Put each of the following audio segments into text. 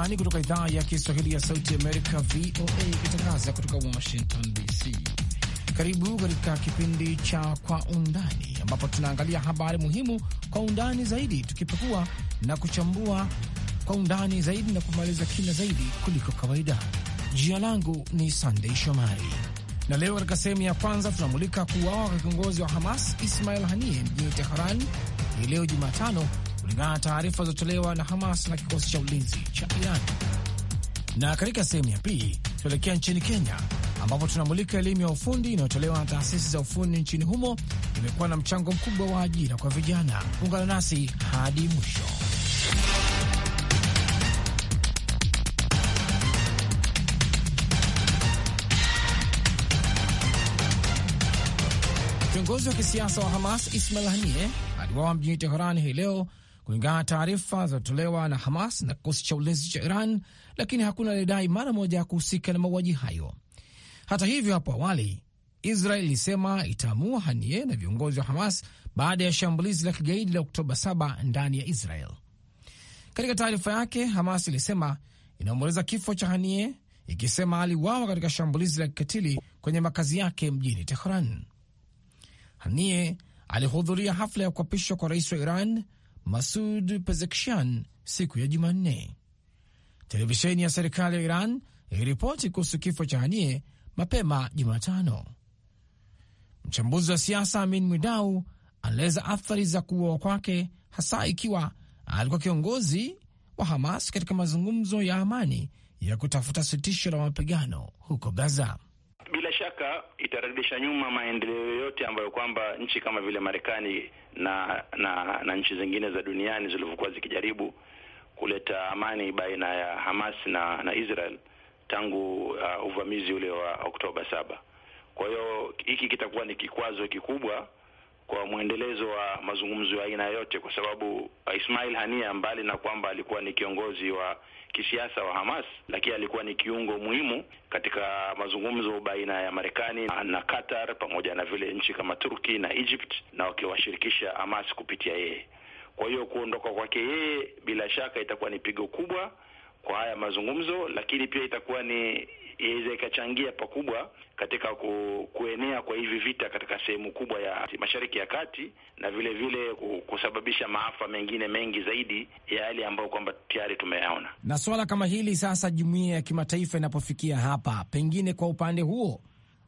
undani kutoka idhaa ya Kiswahili ya Sauti Amerika, VOA, ikitangaza kutoka Washington DC. Karibu katika kipindi cha Kwa Undani, ambapo tunaangalia habari muhimu kwa undani zaidi, tukipekua na kuchambua kwa undani zaidi na kumaliza kina zaidi kuliko kawaida. Jina langu ni Sandei Shomari, na leo katika sehemu ya kwanza tunamulika kuuawa kwa kiongozi wa Hamas Ismail Hanie mjini Teheran hii leo Jumatano kulingana na taarifa zilizotolewa na Hamas na kikosi cha ulinzi cha Iran. Na katika sehemu ya pili tuelekea nchini Kenya ambapo tunamulika elimu ya ufundi inayotolewa na taasisi za ufundi nchini humo. Imekuwa na mchango mkubwa wa ajira kwa vijana. Ungana nasi hadi mwisho. Kiongozi wa kisiasa wa Hamas Ismail Haniyeh aliwawa mjini teherani hii leo kulingana na taarifa zilizotolewa na Hamas na kikosi cha ulinzi cha Iran, lakini hakuna alidai mara moja ya kuhusika na mauaji hayo. Hata hivyo, hapo awali Israel ilisema itaamua Hanie na viongozi wa Hamas baada ya shambulizi la kigaidi la Oktoba 7 ndani ya Israel. Katika taarifa yake, Hamas ilisema inaomboleza kifo cha Hanie, ikisema aliwawa katika shambulizi la kikatili kwenye makazi yake mjini Tehran. Hanie alihudhuria hafla ya kuapishwa kwa rais wa Iran Masud Pezekshan siku ya Jumanne. Televisheni ya serikali ya Iran iliripoti kuhusu kifo cha Hanie mapema Jumatano. Mchambuzi wa siasa Amin Mwidau anaeleza athari za kuuawa kwake, hasa ikiwa alikuwa kiongozi wa Hamas katika mazungumzo ya amani ya kutafuta sitisho la mapigano huko Gaza shaka itarudisha nyuma maendeleo yote ambayo kwamba nchi kama vile Marekani na na, na nchi zingine za duniani zilivyokuwa zikijaribu kuleta amani baina ya Hamas na na Israel tangu uh, uvamizi ule wa Oktoba saba. Kwa hiyo hiki kitakuwa ni kikwazo kikubwa kwa mwendelezo wa mazungumzo ya aina yote, kwa sababu uh, Ismail Hania mbali na kwamba alikuwa ni kiongozi wa kisiasa wa Hamas, lakini alikuwa ni kiungo muhimu katika mazungumzo baina ya Marekani na Qatar pamoja na vile nchi kama Turki na Egypt, na wakiwashirikisha Hamas kupitia yeye. Kwa hiyo kuondoka kwake yeye bila shaka itakuwa ni pigo kubwa kwa haya mazungumzo, lakini pia itakuwa ni iweza ikachangia pakubwa katika ku, kuenea kwa hivi vita katika sehemu kubwa ya Mashariki ya Kati na vile vile kusababisha maafa mengine mengi zaidi ya yale ambayo kwamba tayari tumeyaona. Na swala kama hili sasa, jumuiya ya kimataifa inapofikia hapa, pengine kwa upande huo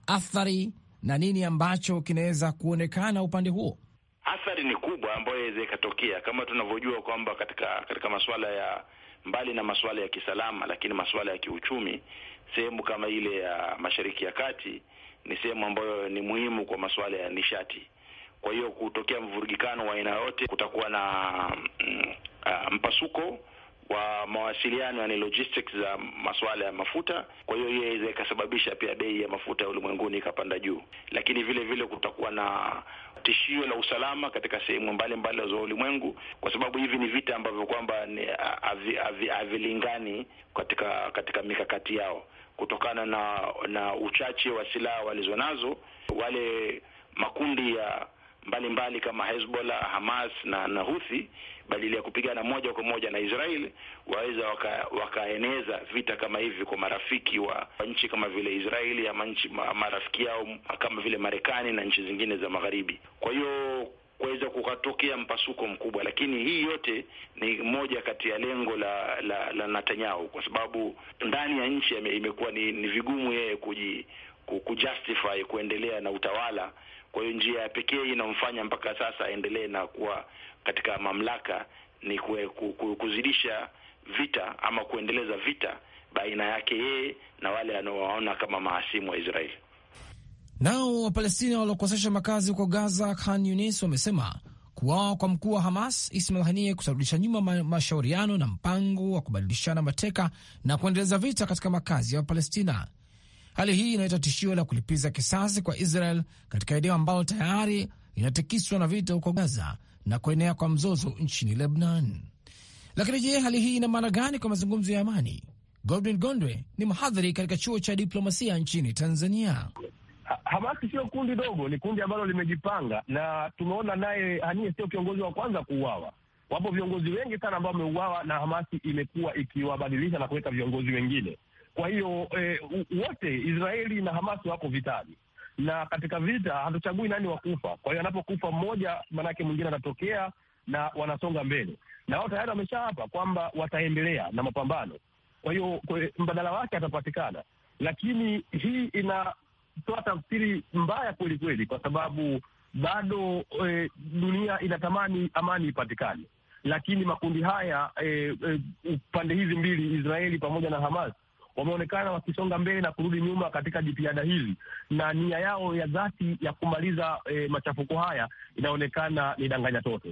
athari na nini ambacho kinaweza kuonekana upande huo? Athari ni kubwa ambayo iweza ikatokea, kama tunavyojua kwamba katika katika masuala ya mbali na masuala ya kisalama, lakini masuala ya kiuchumi, sehemu kama ile ya Mashariki ya Kati ni sehemu ambayo ni muhimu kwa masuala ya nishati. Kwa hiyo kutokea mvurugikano wa aina yote, kutakuwa na mm, uh, mpasuko wa mawasiliano yani logistics za masuala ya mafuta. Kwa hiyo hiyo iweza ikasababisha pia bei ya mafuta ya ulimwenguni ikapanda juu, lakini vile vile kutakuwa na tishio la usalama katika sehemu mbalimbali za ulimwengu, kwa sababu hivi ni vita ambavyo kwamba havilingani katika katika mikakati yao kutokana na na uchache wa silaha walizonazo wale makundi ya mbalimbali mbali kama Hezbollah, Hamas na, na Houthi badili ya kupigana moja kwa moja na Israel waweza waka, wakaeneza vita kama hivi kwa marafiki wa nchi kama vile Israeli ama nchi marafiki yao kama vile Marekani na nchi zingine za magharibi. Kwa hiyo kuweza kukatokea mpasuko mkubwa, lakini hii yote ni moja kati ya lengo la, la, la Netanyahu kwa sababu ndani ya nchi imekuwa ni, ni vigumu yeye kuji kujustify kuendelea na utawala kwa hiyo njia ya pekee inamfanya mpaka sasa aendelee na kuwa katika mamlaka ni kwe, kuzidisha vita ama kuendeleza vita baina yake yeye na wale anaowaona kama mahasimu wa Israeli. Nao Wapalestina waliokosesha makazi huko Gaza, Khan Yunis, wamesema kuwawa kwa mkuu wa Hamas Ismail Haniyeh kusarudisha nyuma ma mashauriano na mpango wa kubadilishana mateka na kuendeleza vita katika makazi ya Wapalestina. Hali hii inaleta tishio la kulipiza kisasi kwa Israel katika eneo ambalo tayari inatikiswa na vita huko Gaza na kuenea kwa mzozo nchini Lebanon. Lakini je, hali hii ina maana gani kwa mazungumzo ya amani? Godwin Gondwe ni mhadhiri katika chuo cha diplomasia nchini Tanzania. Hamasi sio kundi dogo, ni kundi ambalo limejipanga, na tumeona naye Hanie sio kiongozi wa kwanza kuuawa. Wapo viongozi wengi sana ambao wameuawa, na Hamasi imekuwa ikiwabadilisha na kuweka viongozi wengine. Kwa hiyo eh, wote Israeli na Hamas wako vitani, na katika vita hatuchagui nani wakufa. Kwa hiyo anapokufa mmoja, maanake mwingine anatokea na wanasonga mbele, na wao tayari wamesha hapa kwamba wataendelea na mapambano. Kwa hiyo mbadala wake atapatikana, lakini hii inatoa tafsiri mbaya kweli kweli, kwa sababu bado eh, dunia inatamani amani ipatikane, lakini makundi haya eh, eh, pande hizi mbili Israeli pamoja na Hamas wameonekana wakisonga mbele na kurudi nyuma katika jitihada hizi, na nia yao ya dhati ya kumaliza e, machafuko haya inaonekana ni danganya toto.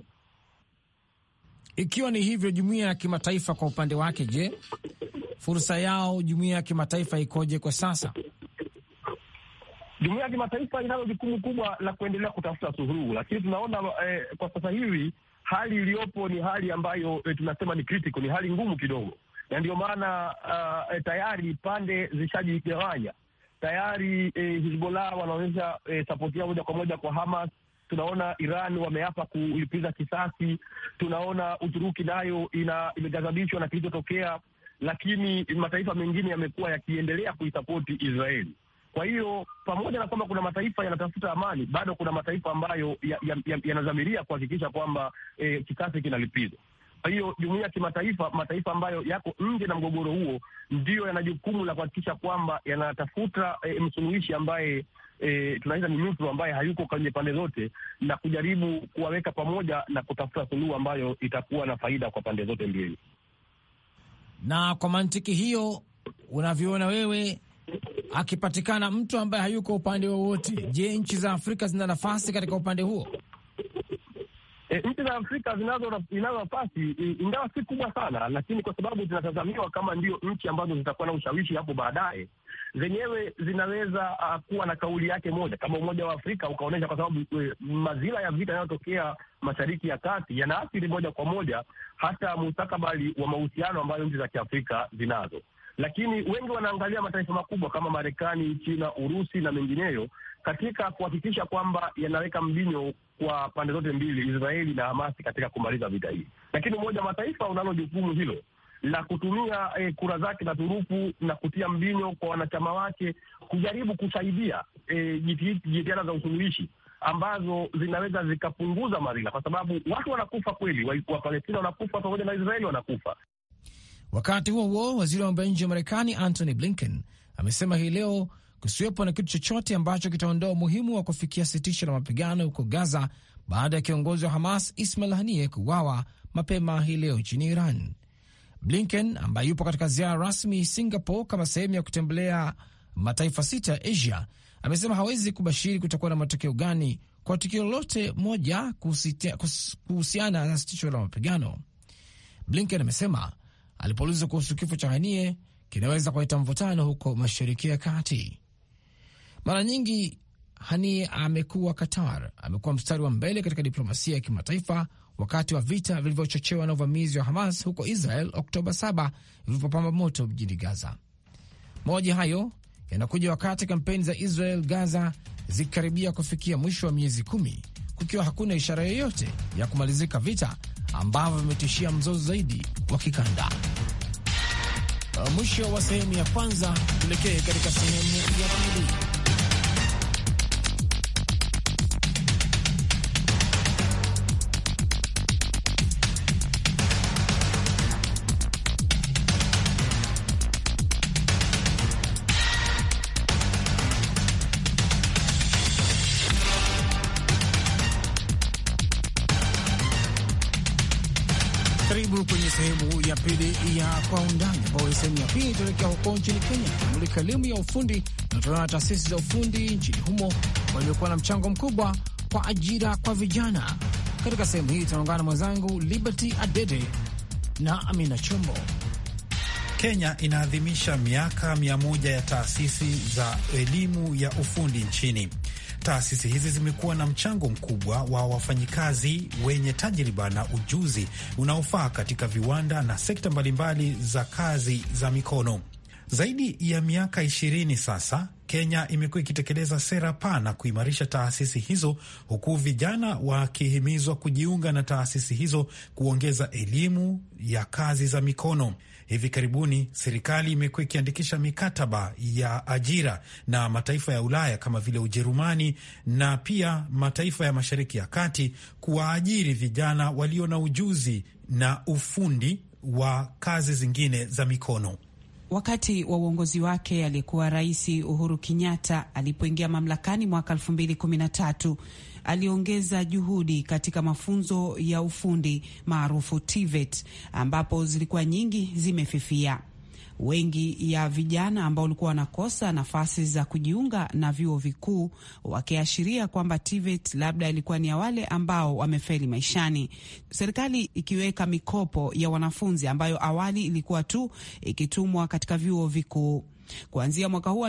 Ikiwa ni hivyo, jumuiya ya kimataifa kwa upande wake, je, fursa yao jumuiya ya kimataifa ikoje kwa sasa? Jumuiya ya kimataifa inalo jukumu kubwa la kuendelea kutafuta suluhu, lakini tunaona eh, kwa sasa hivi hali iliyopo ni hali ambayo eh, tunasema ni critical, ni hali ngumu kidogo na ndio maana uh, eh, tayari pande zishajigawanya tayari. Eh, Hizbollah wanaonyesha eh, sapoti yao moja kwa moja kwa Hamas. Tunaona Iran wameapa kulipiza kisasi. Tunaona Uturuki nayo imeghadhabishwa na kilichotokea, lakini mataifa mengine yamekuwa yakiendelea kuisapoti Israeli. Kwa hiyo pamoja na kwamba kuna mataifa yanatafuta amani, bado kuna mataifa ambayo yanadhamiria ya, ya, ya kuhakikisha kwamba eh, kisasi kinalipizwa. Kwa hiyo jumuiya ya kimataifa, mataifa ambayo yako nje na mgogoro huo, ndiyo yana jukumu la kuhakikisha kwamba yanatafuta eh, msuluhishi ambaye e, tunaweza ni nusuru ambaye hayuko kwenye pande zote, na kujaribu kuwaweka pamoja na kutafuta suluhu ambayo itakuwa na faida kwa pande zote mbili. Na kwa mantiki hiyo unavyoona wewe akipatikana mtu ambaye hayuko upande wowote, je, nchi za Afrika zina nafasi katika upande huo? E, nchi za Afrika zinazo nafasi e, ingawa si kubwa sana, lakini kwa sababu zinatazamiwa kama ndio nchi ambazo zitakuwa na ushawishi hapo baadaye, zenyewe zinaweza uh, kuwa na kauli yake moja, kama Umoja wa Afrika ukaonyesha, kwa sababu uh, mazila ya vita yanayotokea Mashariki ya Kati yanaathiri moja kwa moja hata mustakabali wa mahusiano ambayo nchi za Kiafrika zinazo lakini wengi wanaangalia mataifa makubwa kama Marekani, China, Urusi na mengineyo katika kuhakikisha kwamba yanaweka mbinyo kwa pande zote mbili, Israeli na Hamasi, katika kumaliza vita hii. Lakini Umoja wa Mataifa unalo jukumu hilo la kutumia eh, kura zake na turufu na kutia mbinyo kwa wanachama wake kujaribu kusaidia eh, jitihada za usuluhishi ambazo zinaweza zikapunguza madhila, kwa sababu watu wanakufa kweli, Wapalestina wanakufa pamoja na Israeli wanakufa, Wakati huo huo, waziri wa mambo ya nje wa Marekani Antony Blinken amesema hii leo kusiwepo na kitu chochote ambacho kitaondoa umuhimu wa kufikia sitisho la mapigano huko Gaza baada ya kiongozi wa Hamas Ismail Haniyeh kuuawa mapema hii leo nchini Iran. Blinken ambaye yupo katika ziara rasmi Singapore kama sehemu ya kutembelea mataifa sita ya Asia amesema hawezi kubashiri kutakuwa na matokeo gani kwa tukio lolote moja kuhusiana na sitisho la mapigano. Blinken amesema alipoulizwa kuhusu kifo cha Hanie kinaweza kuleta mvutano huko Mashariki ya Kati. Mara nyingi Hanie amekuwa Qatar, amekuwa mstari wa mbele katika diplomasia ya kimataifa wakati wa vita vilivyochochewa na uvamizi wa Hamas huko Israel Oktoba 7 vilivyopamba moto mjini Gaza. Mawaji hayo yanakuja wakati kampeni za Israel Gaza zikikaribia kufikia mwisho wa miezi kumi kukiwa hakuna ishara yoyote ya kumalizika vita ambavyo vimetishia mzozo zaidi wa kikanda. Uh, mwisho wa sehemu ya kwanza, tuelekee katika sehemu ya pili. Karibu kwenye sehemu ya pili ya kwa undani, ambayo sehemu ya pili inaelekea huko nchini Kenya, kumulika elimu ya ufundi inatolewa na taasisi za ufundi nchini humo, ambayo imekuwa na mchango mkubwa kwa ajira kwa vijana. Katika sehemu hii tunaungana na mwenzangu Liberty Adede na Amina Chombo. Kenya inaadhimisha miaka mia moja ya taasisi za elimu ya ufundi nchini. Taasisi hizi zimekuwa na mchango mkubwa wa wafanyikazi wenye tajriba na ujuzi unaofaa katika viwanda na sekta mbalimbali za kazi za mikono. Zaidi ya miaka ishirini sasa Kenya imekuwa ikitekeleza sera pana kuimarisha taasisi hizo, huku vijana wakihimizwa kujiunga na taasisi hizo, kuongeza elimu ya kazi za mikono. Hivi karibuni serikali imekuwa ikiandikisha mikataba ya ajira na mataifa ya Ulaya kama vile Ujerumani na pia mataifa ya Mashariki ya Kati kuwaajiri vijana walio na ujuzi na ufundi wa kazi zingine za mikono. Wakati wa uongozi wake aliyekuwa Rais Uhuru Kenyatta alipoingia mamlakani mwaka 2013 aliongeza juhudi katika mafunzo ya ufundi maarufu TVET ambapo zilikuwa nyingi zimefifia. Wengi ya vijana ambao walikuwa wanakosa nafasi za kujiunga na vyuo vikuu wakiashiria kwamba TVET labda ilikuwa ni ya wale ambao wamefeli maishani, serikali ikiweka mikopo ya wanafunzi ambayo awali ilikuwa tu ikitumwa katika vyuo vikuu. Kuanzia mwaka huu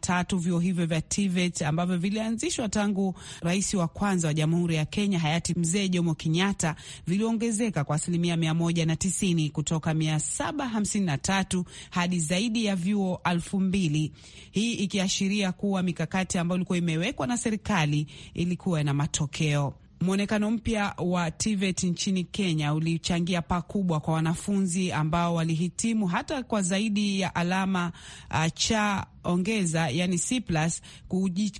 tatu, vyuo hivyo vya TVET ambavyo vilianzishwa tangu rais wa kwanza wa Jamhuri ya Kenya hayati Mzee Jomo Kenyatta viliongezeka kwa asilimia 190 kutoka 753 hadi zaidi ya vyuo mbili hii ikiashiria kuwa mikakati ambayo ilikuwa imewekwa na serikali ilikuwa na matokeo. Mwonekano mpya wa TVET nchini Kenya ulichangia pakubwa kwa wanafunzi ambao walihitimu hata kwa zaidi ya alama uh, cha ongeza yani C plus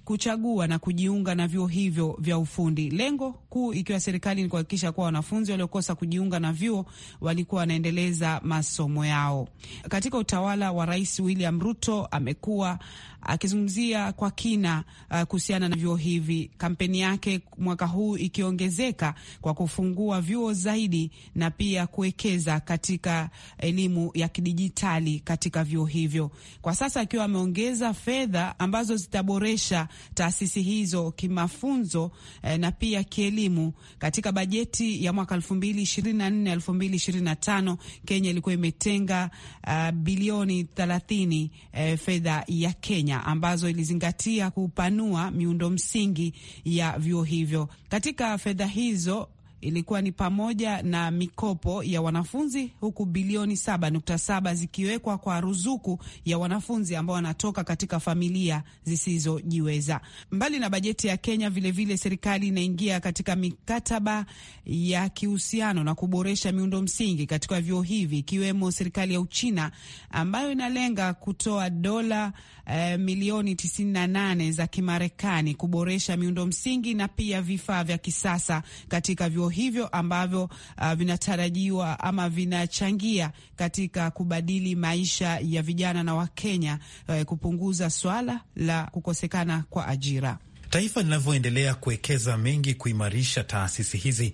kuchagua na kujiunga na vyuo hivyo vya ufundi, lengo kuu ikiwa serikali ni kuhakikisha kuwa wanafunzi waliokosa kujiunga na vyuo walikuwa wanaendeleza masomo yao. Katika utawala wa Rais William Ruto amekuwa akizungumzia kwa kina uh, kuhusiana na vyuo hivi, kampeni yake mwaka huu ikiongezeka kwa kufungua vyuo zaidi na pia kuwekeza katika elimu ya kidijitali katika vyuo hivyo. Kwa sasa akiwa ame kuongeza fedha ambazo zitaboresha taasisi hizo kimafunzo eh, na pia kielimu. Katika bajeti ya mwaka 2024 2025 Kenya ilikuwa imetenga uh, bilioni 30 eh, fedha ya Kenya ambazo ilizingatia kupanua miundo msingi ya vyuo hivyo. Katika fedha hizo ilikuwa ni pamoja na mikopo ya wanafunzi huku bilioni 7.7 zikiwekwa kwa ruzuku ya wanafunzi ambao wanatoka katika familia zisizojiweza. Mbali na bajeti ya Kenya, vilevile vile serikali inaingia katika mikataba ya kihusiano na kuboresha miundo msingi katika vyuo hivi, ikiwemo serikali ya Uchina ambayo inalenga kutoa dola eh, milioni 98 za Kimarekani kuboresha miundo msingi na pia vifaa vya kisasa katika vyuo hivyo ambavyo uh, vinatarajiwa ama vinachangia katika kubadili maisha ya vijana na Wakenya uh, kupunguza swala la kukosekana kwa ajira. Taifa linavyoendelea kuwekeza mengi kuimarisha taasisi hizi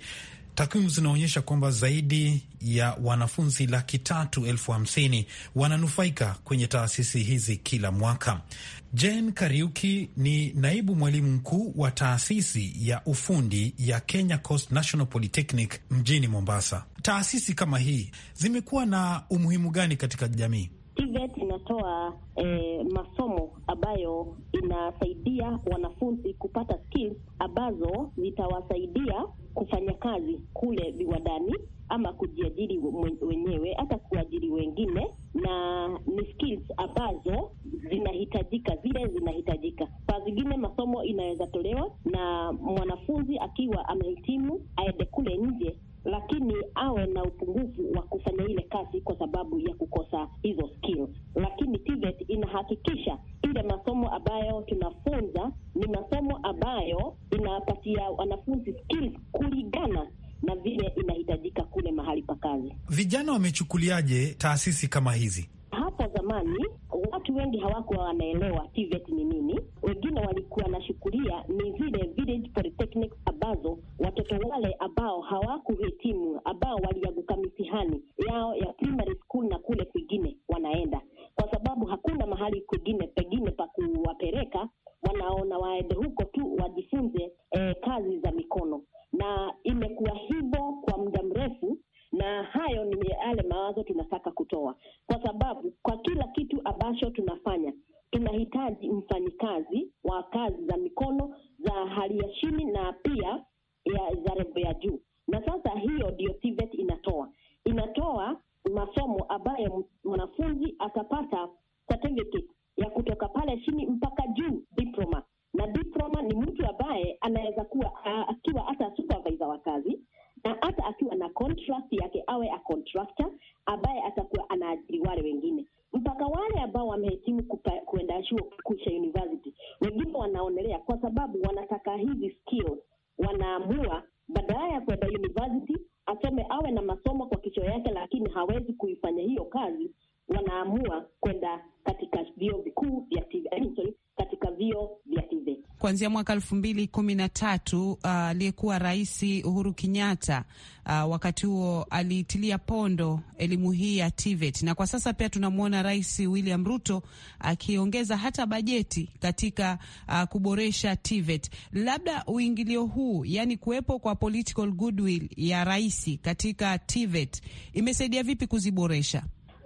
Takwimu zinaonyesha kwamba zaidi ya wanafunzi laki tatu elfu hamsini wananufaika kwenye taasisi hizi kila mwaka. Jane Kariuki ni naibu mwalimu mkuu wa taasisi ya ufundi ya Kenya Coast National Polytechnic mjini Mombasa. Taasisi kama hii zimekuwa na umuhimu gani katika jamii? TVET inatoa eh, masomo ambayo inasaidia wanafunzi kupata skills ambazo zitawasaidia kufanya kazi kule viwandani ama kujiajiri wenyewe, hata kuajiri wengine, na ni skills ambazo zinahitajika, zile zinahitajika. Saa zingine masomo inaweza tolewa na mwanafunzi akiwa amehitimu aende kule nje lakini awe na upungufu wa kufanya ile kazi kwa sababu ya kukosa hizo skills. Lakini TVET inahakikisha ile masomo ambayo tunafunza ni masomo vijana wamechukuliaje taasisi kama hizi? Hapo zamani watu wengi hawakuwa wanaelewa Zapata kuanzia mwaka elfu mbili kumi na tatu uh, aliyekuwa uh, Rais Uhuru Kenyatta uh, wakati huo alitilia pondo elimu hii ya TVET, na kwa sasa pia tunamwona Rais William Ruto akiongeza uh, hata bajeti katika uh, kuboresha TVET. Labda uingilio huu, yani kuwepo kwa political goodwill ya rais katika TVET imesaidia vipi kuziboresha?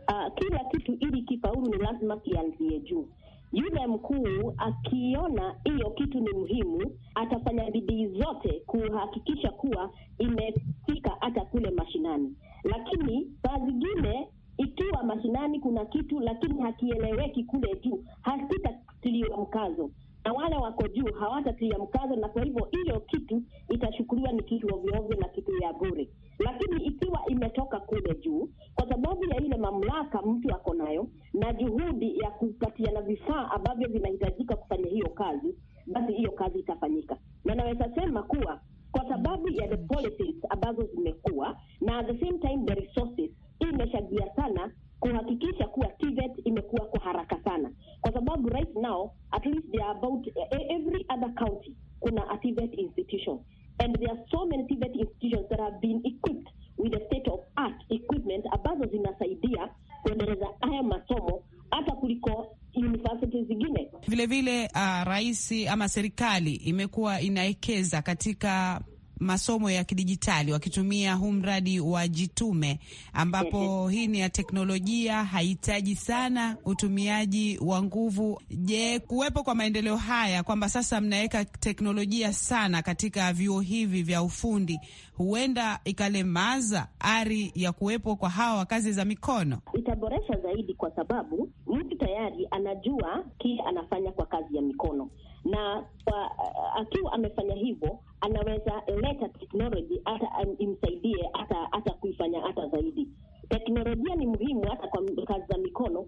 Uh, kila kitu ili kifaulu ni lazima kianzie juu yule mkuu akiona hiyo kitu ni muhimu, atafanya bidii zote kuhakikisha kuwa imefika hata kule mashinani. Lakini saa zingine ikiwa mashinani kuna kitu lakini hakieleweki kule juu, hasitatiliwa mkazo na wale wako juu hawatatia mkazo, na kwa hivyo hiyo kitu itashukuliwa ni kitu ovyoovyo na kitu ya bure. Lakini ikiwa imetoka kule juu, kwa sababu ya ile mamlaka mtu ako nayo na juhudi ya kupatiana vifaa ambavyo vinahitajika kufanya hiyo kazi, basi hiyo kazi itafanyika, na naweza sema kuwa kwa sababu ya the policies ambazo zimekuwa na at the same time the resources, imeshagia sana kuhakikisha kuwa TVET imekuwa kwa haraka sana, kwa sababu right now at least they are about eh, every other county kuna a TVET institution and there are so many TVET institutions that have been equipped with a state of art equipment ambazo zinasaidia kuendeleza haya masomo hata kuliko university zingine. Vilevile uh, ah, rais ama serikali imekuwa inaekeza katika masomo ya kidijitali wakitumia huu mradi wa Jitume, ambapo mhm. hii ni ya teknolojia, haihitaji sana utumiaji wa nguvu. Je, kuwepo kwa maendeleo haya kwamba sasa mnaweka teknolojia sana katika vyuo hivi vya ufundi, huenda ikalemaza ari ya kuwepo kwa hawa wa kazi za mikono? Itaboresha zaidi, kwa sababu mtu tayari anajua kile anafanya kwa kazi ya mikono na kwa uh, akiwa amefanya hivyo anaweza leta teknoloji hata imsaidie hata hata kuifanya hata zaidi. Teknolojia ni muhimu hata kwa kazi za mikono,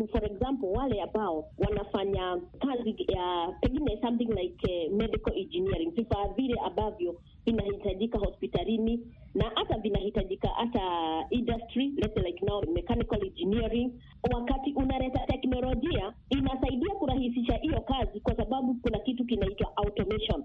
sababu for example wale ambao wanafanya kazi ya pengine something like uh, medical engineering, vifaa vile ambavyo vinahitajika hospitalini na hata vinahitajika hata industry let's like now mechanical engineering. Wakati unaleta teknolojia inasaidia kurahisisha hiyo kazi, kwa sababu kuna kitu kinaitwa automation.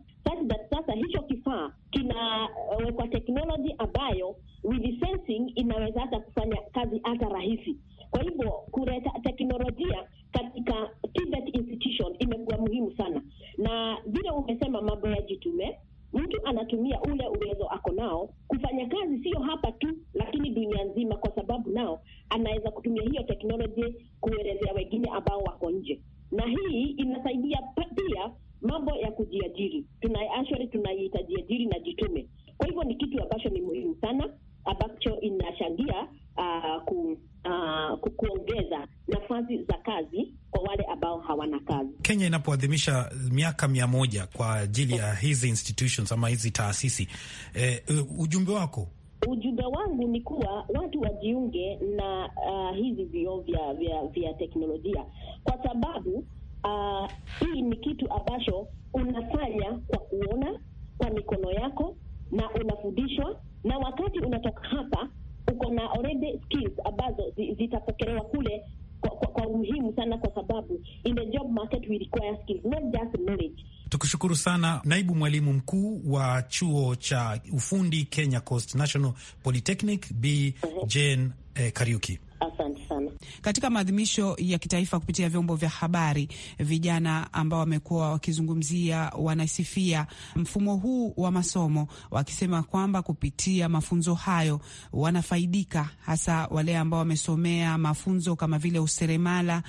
Sasa hicho kifaa kinawekwa uh, ambayo with sensing inaweza hata kufanya kazi hata rahisi kwa hivyo kuleta teknolojia katika TVET institution imekuwa muhimu sana, na vile umesema mambo ya jitume, mtu anatumia ule uwezo ako nao kufanya kazi, sio hapa tu, lakini dunia nzima, kwa sababu nao anaweza kutumia hiyo teknolojia kuelezea wengine ambao wako nje, na hii inasaidia pia mambo ya kujiajiri, tuna actually tunaiita jiajiri na jitume. Kwa hivyo ni kitu ambacho ni muhimu sana ambacho inachangia uh, uh, kuongeza nafasi za kazi kwa wale ambao hawana kazi. Kenya inapoadhimisha miaka mia moja kwa ajili ya hizi institutions ama hizi taasisi eh, ujumbe wako? Ujumbe wangu ni kuwa watu wajiunge na uh, hizi vio vya, vya, vya teknolojia kwa sababu uh, hii ni kitu ambacho unafanya kwa kuona kwa mikono yako na unafundishwa, na wakati unatoka hapa tuko na already skills ambazo zitapokelewa kule kwa, kwa, kwa umuhimu sana, kwa sababu in the job market we require skills not just knowledge. Tukushukuru sana naibu mwalimu mkuu wa chuo cha ufundi Kenya Coast National Polytechnic, B Jane eh, Kariuki. Asante sana. Katika maadhimisho ya kitaifa kupitia vyombo vya habari, vijana ambao wamekuwa wakizungumzia, wanasifia mfumo huu wa masomo, wakisema kwamba kupitia mafunzo hayo wanafaidika, hasa wale ambao wamesomea mafunzo kama vile useremala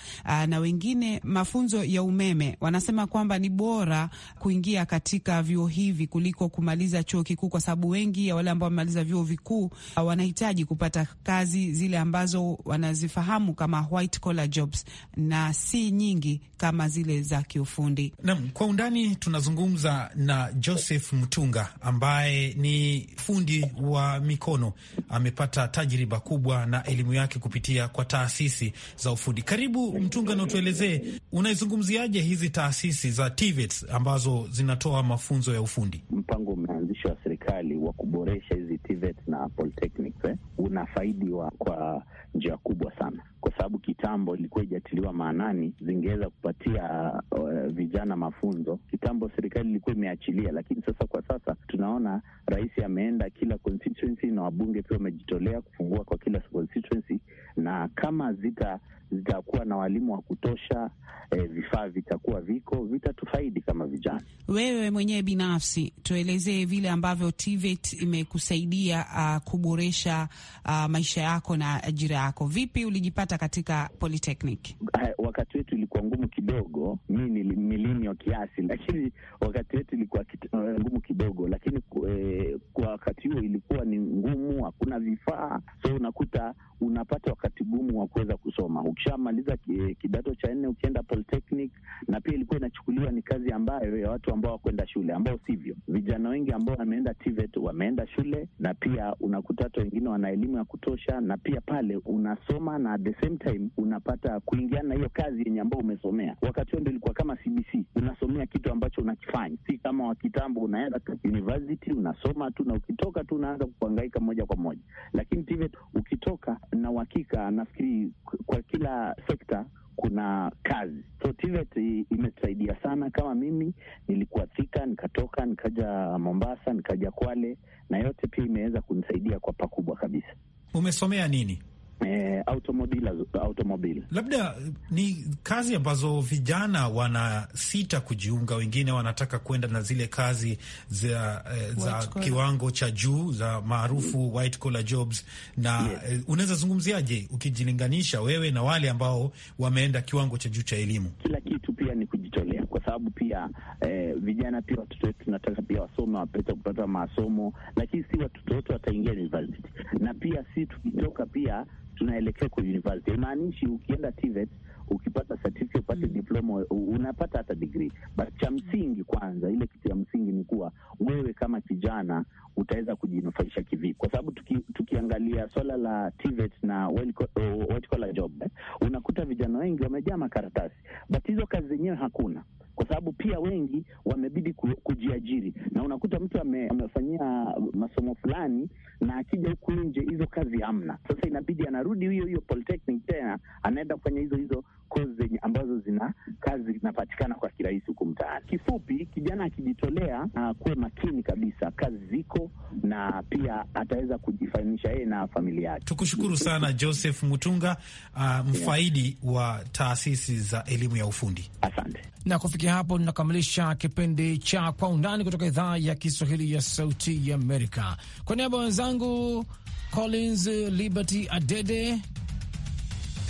na wengine mafunzo ya umeme. Wanasema kwamba ni bora kuingia katika vyuo hivi kuliko kumaliza chuo kikuu, kwa sababu wengi ya wale ambao wamemaliza vyuo vikuu wanahitaji kupata kazi zile ambazo wanazifahamu kama white collar jobs na si nyingi kama zile za kiufundi. Naam, kwa undani tunazungumza na Joseph Mtunga ambaye ni fundi wa mikono, amepata tajriba kubwa na elimu yake kupitia kwa taasisi za ufundi. Karibu Mtunga, na utuelezee unaizungumziaje hizi taasisi za TVETs ambazo zinatoa mafunzo ya ufundi? Mpango umeanzishwa serikali wa kuboresha hizi TVETs na polytechnics eh, una faidi wa kwa njia kubwa sana, kwa sababu kitambo ilikuwa ijatiliwa maanani, zingeweza kupatia uh, vijana mafunzo. Kitambo serikali ilikuwa imeachilia, lakini sasa kwa sasa tunaona rais ameenda kila constituency na wabunge pia wamejitolea kufungua kwa kila constituency, na kama zita zitakuwa na walimu wa kutosha, e, vifaa vitakuwa viko, vitatufaidi kama vijana. Wewe mwenyewe binafsi, tuelezee vile ambavyo TVET e imekusaidia uh, kuboresha uh, maisha yako na ajira yako. Vipi ulijipata katika polytechnic? Uh, wakati wetu ilikuwa ngumu kidogo, mi nilimilini kiasi, lakini wakati wetu ilikuwa eh, ngumu kidogo, lakini eh, kwa wakati huo ilikuwa ni ngumu, hakuna vifaa, so unakuta unapata wakati gumu wa kuweza kusoma ukishamaliza kidato cha nne ukienda polytechnic, na pia ilikuwa inachukuliwa ni kazi ambayo ya watu ambao wakwenda shule, ambao sivyo. Vijana wengi ambao wameenda TVET wameenda shule, na pia unakuta hata wengine wana elimu ya kutosha, na pia pale unasoma na at the same time unapata kuingiana na hiyo kazi yenye ambao umesomea. Wakati huo ndo ilikuwa kama CBC, unasomea kitu ambacho unakifanya, si kama wakitambo unaenda university unasoma tu na ukitoka tu unaanza kuhangaika moja kwa moja, lakini TVET ukitoka na uhakika, nafikiri kwa kila sekta kuna kazi so TVET imetusaidia sana. Kama mimi nilikuwa Thika, nikatoka nikaja Mombasa, nikaja Kwale, na yote pia imeweza kunisaidia kwa pakubwa kabisa. Umesomea nini? E, eh, automobile, automobile labda eh, ni kazi ambazo vijana wanasita kujiunga, wengine wanataka kwenda na zile kazi za, eh, za kiwango cha juu za maarufu mm. white collar jobs na yes. Unaweza zungumziaje ukijilinganisha wewe na wale ambao wameenda kiwango cha juu cha elimu? Kila kitu pia ni kujitolea, kwa sababu pia eh, vijana pia watoto wetu tunataka pia wasome wapate kupata masomo, lakini si watoto wote wataingia university, na pia si tukitoka pia tunaelekea kwa university. Haimaanishi ukienda TVET ukipata certificate upate mm. diploma, unapata hata degree, but cha msingi kwanza, ile kitu ya msingi ni kuwa wewe kama kijana utaweza kujinufaisha kivipi, kwa sababu tuki, tukiangalia swala la TVET na oh, white job eh, unakuta vijana wengi wamejaa makaratasi, but hizo kazi zenyewe hakuna kwa sababu pia wengi wamebidi kujiajiri, na unakuta mtu ame, amefanyia masomo fulani na akija huku nje hizo kazi hamna. Sasa inabidi anarudi hiyo hiyo polytechnic tena anaenda kufanya hizo hizo kozi ambazo zina kazi zinapatikana kwa kirahisi huku mtaani. Kifupi, kijana akijitolea akuwe ah, makini kabisa, kazi ziko na pia ataweza kujifanisha yeye na familia yake. Tukushukuru sana Joseph Mutunga, uh, mfaidi yeah, wa taasisi za elimu ya ufundi. Asante. Na kufikia hapo tunakamilisha kipindi cha Kwa Undani kutoka idhaa ya Kiswahili ya Sauti ya Amerika. Kwa niaba wenzangu Collins Liberty Adede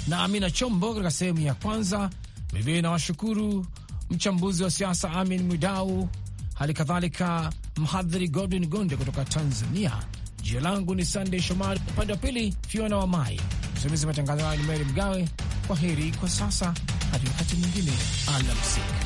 na Amina Chombo katika sehemu ya kwanza. Vilevile na washukuru mchambuzi wa siasa Amin Mwidau, hali kadhalika mhadhiri Godwin Gonde kutoka Tanzania. Jina langu ni Sandey Shomari, upande wa pili Fiona wa Mai, msimamizi matangazo hayo ni Meri Mgawe. Kwa heri kwa sasa, hadi wakati mwingine, alamsiki.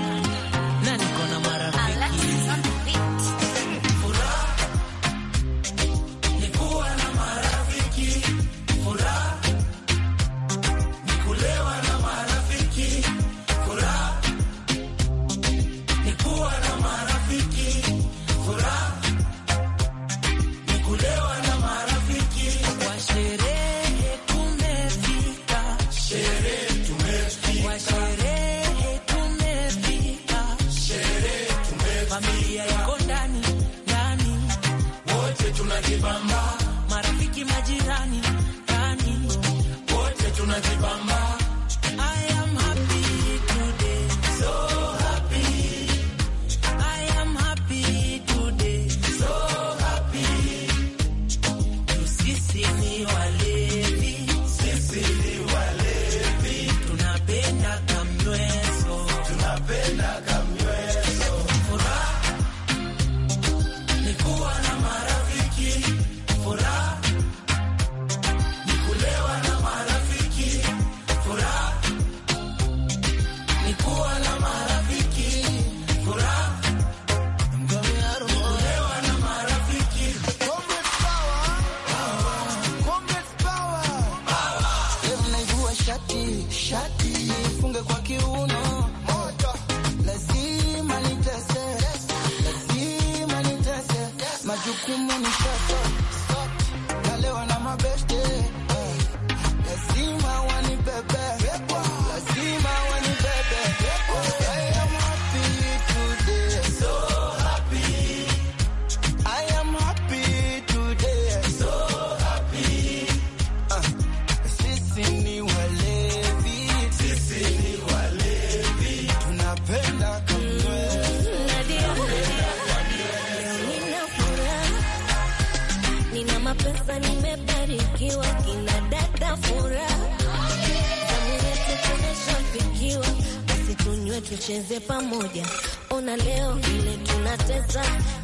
tucheze pamoja, ona leo ile tunateta,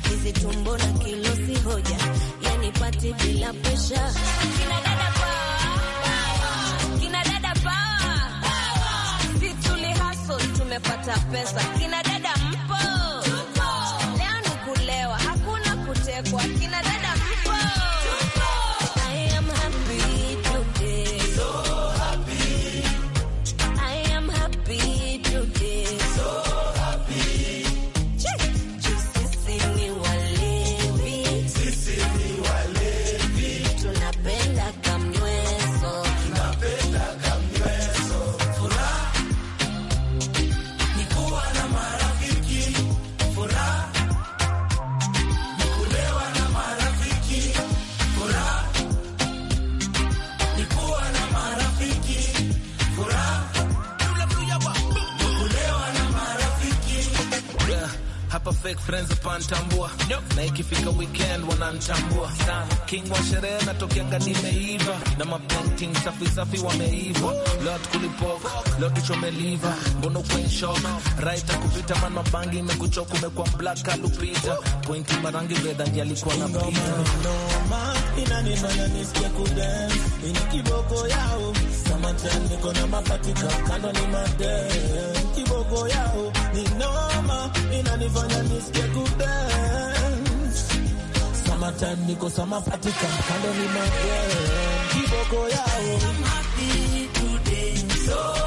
hizi tumbo na kilo si hoja, yani pati bila pesha Kina dada power, si tumepata pesa. Kina dada fake friends upanitambua na ikifika weekend wananitambua king wa sherehe natokianga nimeiva na mapainting safi safi wameiva lot kulipoka lot chomeliva mbono kwenye shock right kupita man mabangi imekuchoka umekuwa black kalupita point marangi vedani alikuwa na pita inanifanya nisikia kudance ini kiboko yao madem, niko na mapatika kando ni kibogo yao ni noma, inanifanya nisikie kudance. Summertime niko sama patika kando ni madem, kibogo yao I'm happy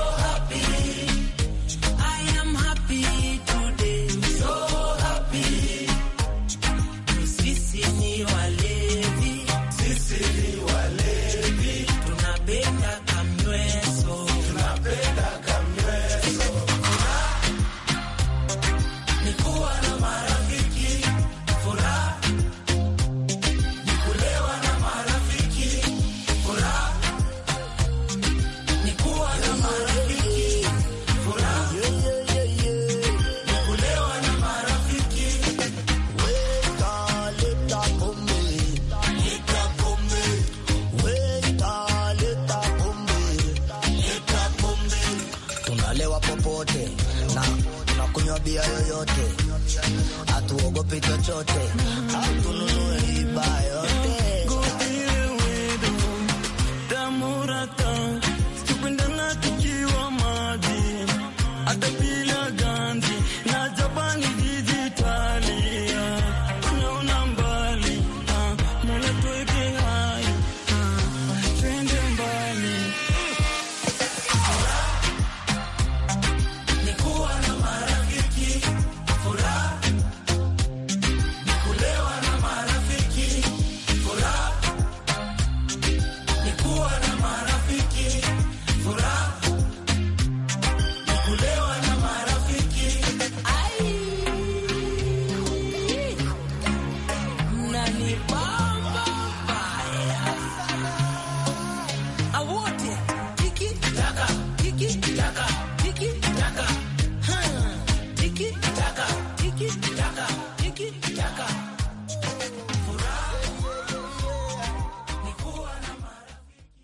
a